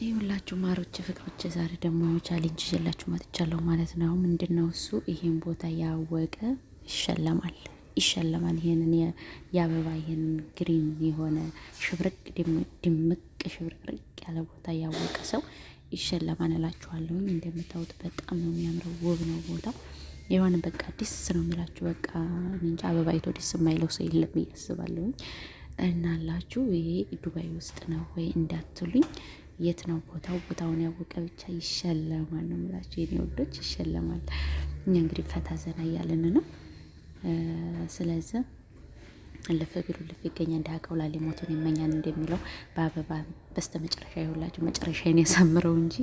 ይህ ሁላችሁ ማሮች ብቻ ዛሬ ደግሞ ቻሌንጅ ይዤላችሁ መጥቻለሁ ማለት ነው። ምንድን ነው እሱ? ይሄን ቦታ ያወቀ ይሸለማል ይሸለማል። ይሄንን የአበባ ይሄንን ግሪን የሆነ ሽብርቅ ድምቅ ሽብርቅርቅ ያለ ቦታ ያወቀ ሰው ይሸለማል እላችኋለሁ። እንደምታዩት በጣም ነው የሚያምረው፣ ውብ ነው ቦታው። የሆነ በቃ ደስ ነው የሚላችሁ። በቃ እንጃ አበባ አይቶ ደስ የማይለው ሰው የለም ብዬ አስባለሁኝ። እናላችሁ ይሄ ዱባይ ውስጥ ነው ወይ እንዳትሉኝ የት ነው ቦታው? ቦታውን ያወቀ ብቻ ይሸለማል ነው የምላቸው የኔ ወዶች፣ ይሸለማል። እኛ እንግዲህ ፈታ ዘና እያለን ነው። ስለዚህ ልፍ ቢሉ ልፍ ይገኛ እንደ አቀው ላሌ ሊሞቱን ይመኛል እንደሚለው በአበባ በስተ መጨረሻ ይሁላችሁ። መጨረሻዬን ያሳምረው እንጂ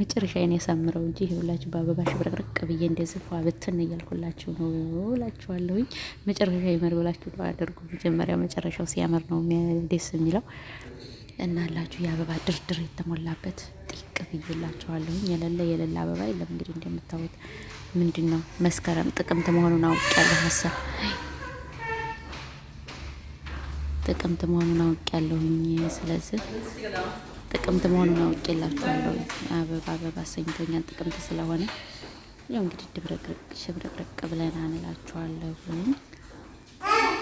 መጨረሻዬን ያሳምረው እንጂ ይሁላችሁ። በአበባ ሽብረቅርቅ ብዬ እንደዚህ ፏ ብትን እያልኩላችሁ ነው እላችኋለሁኝ። መጨረሻ ይመር ብላችሁ አድርጉ። መጀመሪያ መጨረሻው ሲያምር ነው ደስ የሚለው። እናላችሁ የአበባ ድርድር የተሞላበት ጢቅ ብዬላችኋለሁ። የሌለ የሌለ አበባ የለም። እንግዲህ እንደምታወት ምንድን ነው መስከረም ጥቅምት መሆኑን አውቄያለሁ። ሀሳብ ጥቅምት መሆኑን አውቄያለሁኝ። ስለዚህ ጥቅምት መሆኑን አውቄላችኋለሁ። አበባ አበባ አሰኝቶኛል። ጥቅምት ስለሆነ ያው እንግዲህ ሽብረቅረቅ ብለናል እላችኋለሁ።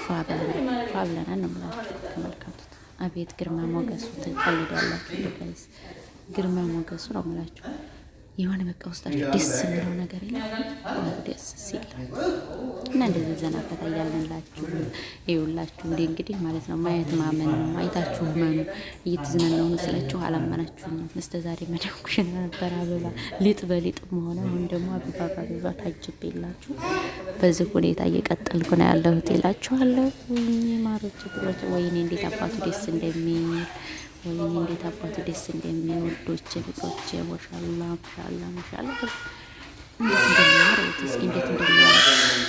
ፏ ብለናል ነው የምላችሁ ተመልካቱት አቤት ግርማ ሞገሱ ትፈልጋላችሁ ጋይስ፣ ግርማ ሞገሱ ነው የምላችሁ። የሆነ በቃ ውስጣቸው ደስ የሚለው ነገር የለም ደስ ሲል እና እንደዚህ ዘናፈታ እያለንላችሁ ይውላችሁ። እንደ እንግዲህ ማለት ነው ማየት ማመን ነው። አይታችሁ መኑ እየተዝናናሁ መስላችሁ አላመናችሁም። እስከ ዛሬ መደኩሽን ነበር አበባ ሊጥ በሊጥ መሆነ አሁን ደግሞ አበባ በአበባ ታጅቤላችሁ በዚህ ሁኔታ እየቀጠልኩ ነው ያለሁት ይላችኋለሁ። ማሮች ብሎች ወይኔ እንዴት አባቱ ደስ እንደሚል ወይኔ እንዴት አባቱ ደስ እንደሚወዶች ወዶቼ ፍቅሮቼ፣ ወሻላ ማሻላ ማሻላ እንዴት እስኪ እንዴት እንደሚያምሩ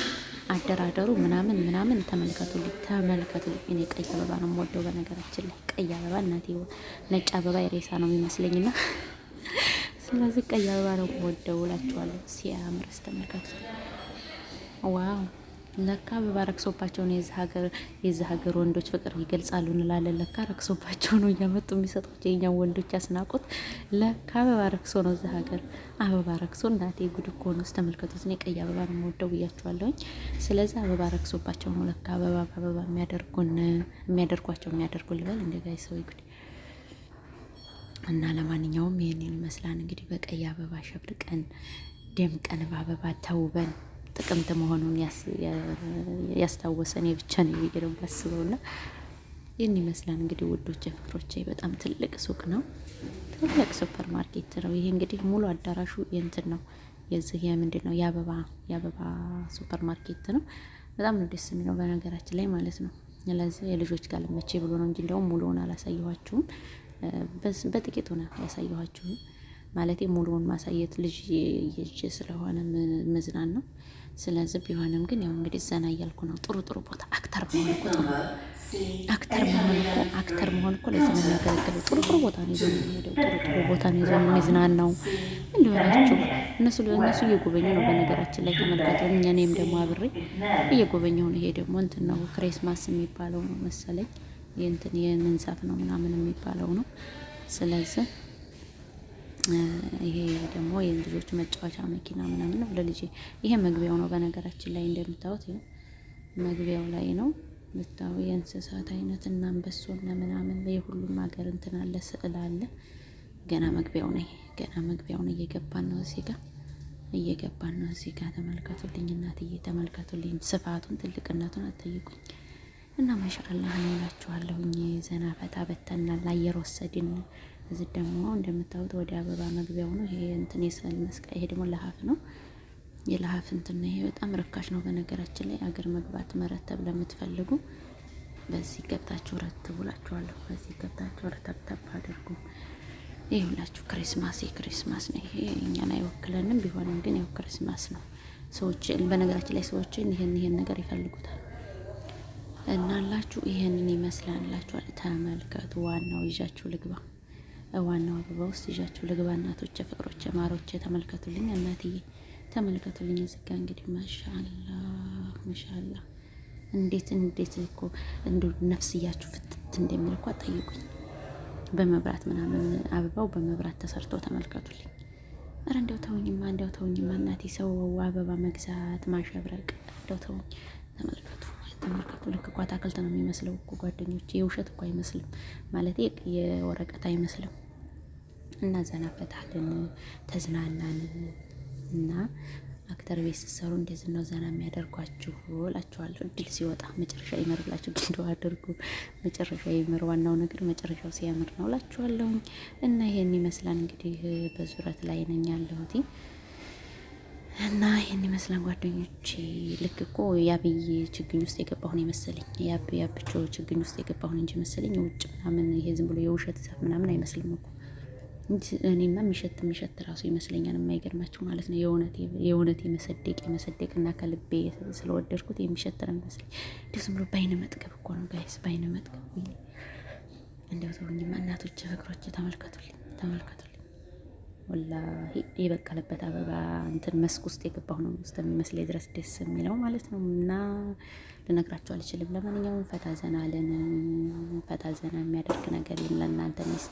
አደራደሩ ምናምን ምናምን ተመልከቱ ተመልከቱ። እኔ ቀይ አበባ ነው የምወደው በነገራችን ላይ ቀይ አበባ እናቴ፣ ነጭ አበባ የሬሳ ነው የሚመስለኝና ስለዚህ ቀይ አበባ ነው የምወደው እላችኋለሁ። ሲያምር ተመልከቱ። ዋው ለካ አበባ ረክሶባቸው ነው የዚህ ሀገር የዚህ ሀገር ወንዶች ፍቅር ይገልጻሉ እንላለን። ለካ ረክሶባቸው ነው እያመጡ የሚሰጧቸው የኛን ወንዶች ያስናቁት። ለካ አበባ ረክሶ ነው እዚህ ሀገር አበባ ረክሶ። እናቴ ጉድ እኮ ነው። ተመልከቱት። እኔ ቀይ አበባ ነው የምወደው ብያቸዋለሁኝ። ስለዚህ አበባ ረክሶባቸው ነው ለካ አበባ በአበባ የሚያደርጉን የሚያደርጓቸው የሚያደርጉ ልበል እንደ ጋይ ሰው ይጉድ እና ለማንኛውም ይህንን ይመስላል እንግዲህ በቀይ አበባ ሸብርቀን ደምቀን በአበባ ተውበን ጥቅምት መሆኑን ያስታወሰን የብቻ ነው ብዬ ነው ባስበው ና ይህን ይመስላል እንግዲህ ውዶች ፍቅሮቼ። በጣም ትልቅ ሱቅ ነው፣ ትልቅ ሱፐር ማርኬት ነው። ይሄ እንግዲህ ሙሉ አዳራሹ የእንትን ነው የዚህ የምንድን ነው የአበባ የአበባ ሱፐር ማርኬት ነው። በጣም ነው ደስ የሚለው በነገራችን ላይ ማለት ነው። ለዚህ የልጆች ጋር ልመቼ ብሎ ነው እንጂ እንደውም ሙሉውን አላሳየኋችሁም፣ በጥቂቱ ነው ያሳየኋችሁም። ማለት ሙሉውን ማሳየት ልጅ የጅ ስለሆነ መዝናን ነው። ስለዚህ ቢሆንም ግን ያው እንግዲህ ዘና እያልኩ ነው። ጥሩ ጥሩ ቦታ አክተር መሆን እኮ ጥሩ አክተር መሆን እኮ አክተር መሆን እኮ ለዚህ ነው የሚያገለግለው። ጥሩ ጥሩ ቦታ ነው ይዞ የሚሄደው። ጥሩ ጥሩ ቦታ ነው ይዞ የሚዝናን ነው እንዲሆናችሁ እነሱ እነሱ እየጎበኙ ነው። በነገራችን ላይ ተመልካቱ እኛ እኔም ደግሞ አብሬ እየጎበኘሁ ነው። ይሄ ደግሞ እንትን ነው ክሬስማስ የሚባለው ነው መሰለኝ የእንትን የምንዛፍ ነው ምናምን የሚባለው ነው። ስለዚህ ይሄ ደግሞ የልጆች መጫወቻ መኪና ምናምን ነው ለልጄ። ይሄ መግቢያው ነው በነገራችን ላይ እንደምታዩት መግቢያው ላይ ነው ምታው የእንስሳት አይነት እና አንበሶና ምናምን የሁሉም ሀገር እንትን አለ፣ ስዕል አለ። ገና መግቢያው ነው ገና መግቢያው ነው። እየገባን ነው እዚህ ጋር እየገባን ነው እዚህ ጋር ተመልከቱልኝ፣ እናትዬ ተመልከቱልኝ። ስፋቱን ትልቅነቱን አትጠይቁኝ። እና ማሻአላህ እላችኋለሁኝ ዘና ፈታ በተናል አየር ወሰድን እዚህ ደግሞ እንደምታዩት ወደ አበባ መግቢያው ነው። ይሄ እንትን የስዕል መስቀል፣ ይሄ ደግሞ ለሀፍ ነው። የለሀፍ እንትን ነው። ይሄ በጣም ርካሽ ነው። በነገራችን ላይ አገር መግባት መረተብ ለምትፈልጉ በዚህ ገብታችሁ ረትቡ እላችኋለሁ። በዚህ ገብታችሁ ረተብተብ አድርጉ። ይህ ሁላችሁ ክሪስማስ የክሪስማስ ነው። ይሄ እኛን አይወክለንም፣ ቢሆንም ግን ያው ክሪስማስ ነው። ሰዎች በነገራችን ላይ ሰዎችን ይህን ይህን ነገር ይፈልጉታል እና ላችሁ ይህንን ይመስላል ላችኋል። ተመልከቱ። ዋናው ይዣችሁ ልግባ ዋናው አበባ ውስጥ ይዣችሁ ልግባ። እናቶቼ፣ ፍቅሮቼ፣ ማሮቼ ተመልከቱልኝ። እናትዬ ተመልከቱልኝ። እዚጋ እንግዲህ ማሻላህ ማሻላህ። እንዴት እንዴት እኮ እንዶ ነፍስያችሁ ፍትት እንደሚል እኮ ጠይቁኝ። በመብራት ምናምን አበባው በመብራት ተሰርቶ ተመልከቱልኝ። ኧረ እንደው ተውኝማ እንደው ተውኝማ እናቴ፣ ሰው አበባ መግዛት ማሸብረቅ እንደው ተውኝ። ተመልከቱ ተመልከቱ። ልክ እኮ አታክልት ነው የሚመስለው እኮ ጓደኞች፣ የውሸት እኮ አይመስልም ማለት የወረቀት አይመስልም። እና ዘና ፈታልን ተዝናናን እና አክተር ቤት ስትሰሩ እንደዚህ ነው ዘና የሚያደርጓችሁ እላችኋለሁ። እድል ሲወጣ መጨረሻ ይመርላችሁ። ድንዶ አድርጉ፣ መጨረሻ ይመር። ዋናው ነገር መጨረሻው ሲያምር ነው እላችኋለሁኝ። እና ይሄን ይመስላል እንግዲህ በዙረት ላይ ነኝ ያለሁት። እና ይህን ይመስላል ጓደኞች። ልክ እኮ የአብይ ችግኝ ውስጥ የገባሁን የመሰለኝ የአብቾ ችግኝ ውስጥ የገባሁን እንጂ መሰለኝ ውጭ ምናምን ይሄ ዝም ብሎ የውሸት ዛፍ ምናምን አይመስልም እኮ እኔማ የሚሸት የሚሸት ራሱ ይመስለኛል። የማይገርማቸው ማለት ነው የእውነት የመሰደቅ የመሰደቅ እና ከልቤ ስለወደድኩት የሚሸት ነው የሚመስለኝ። እንዲሁ ዝም ብሎ በአይነ መጥገብ እኮ ነው ጋይስ፣ በአይነ መጥገብ እንዲያው ተውኝማ። እናቶች ፍቅሮች ተመልከቱልኝ፣ ተመልከቱልኝ ወላሂ የበቀለበት አበባ እንትን መስክ ውስጥ የገባሁ ነው እስከሚመስለኝ ድረስ ደስ የሚለው ማለት ነው። እና ልነግራቸው አልችልም። ለማንኛውም ፈታ ዘና አለን። ፈታ ዘና የሚያደርግ ነገር ለእናንተ ሚስት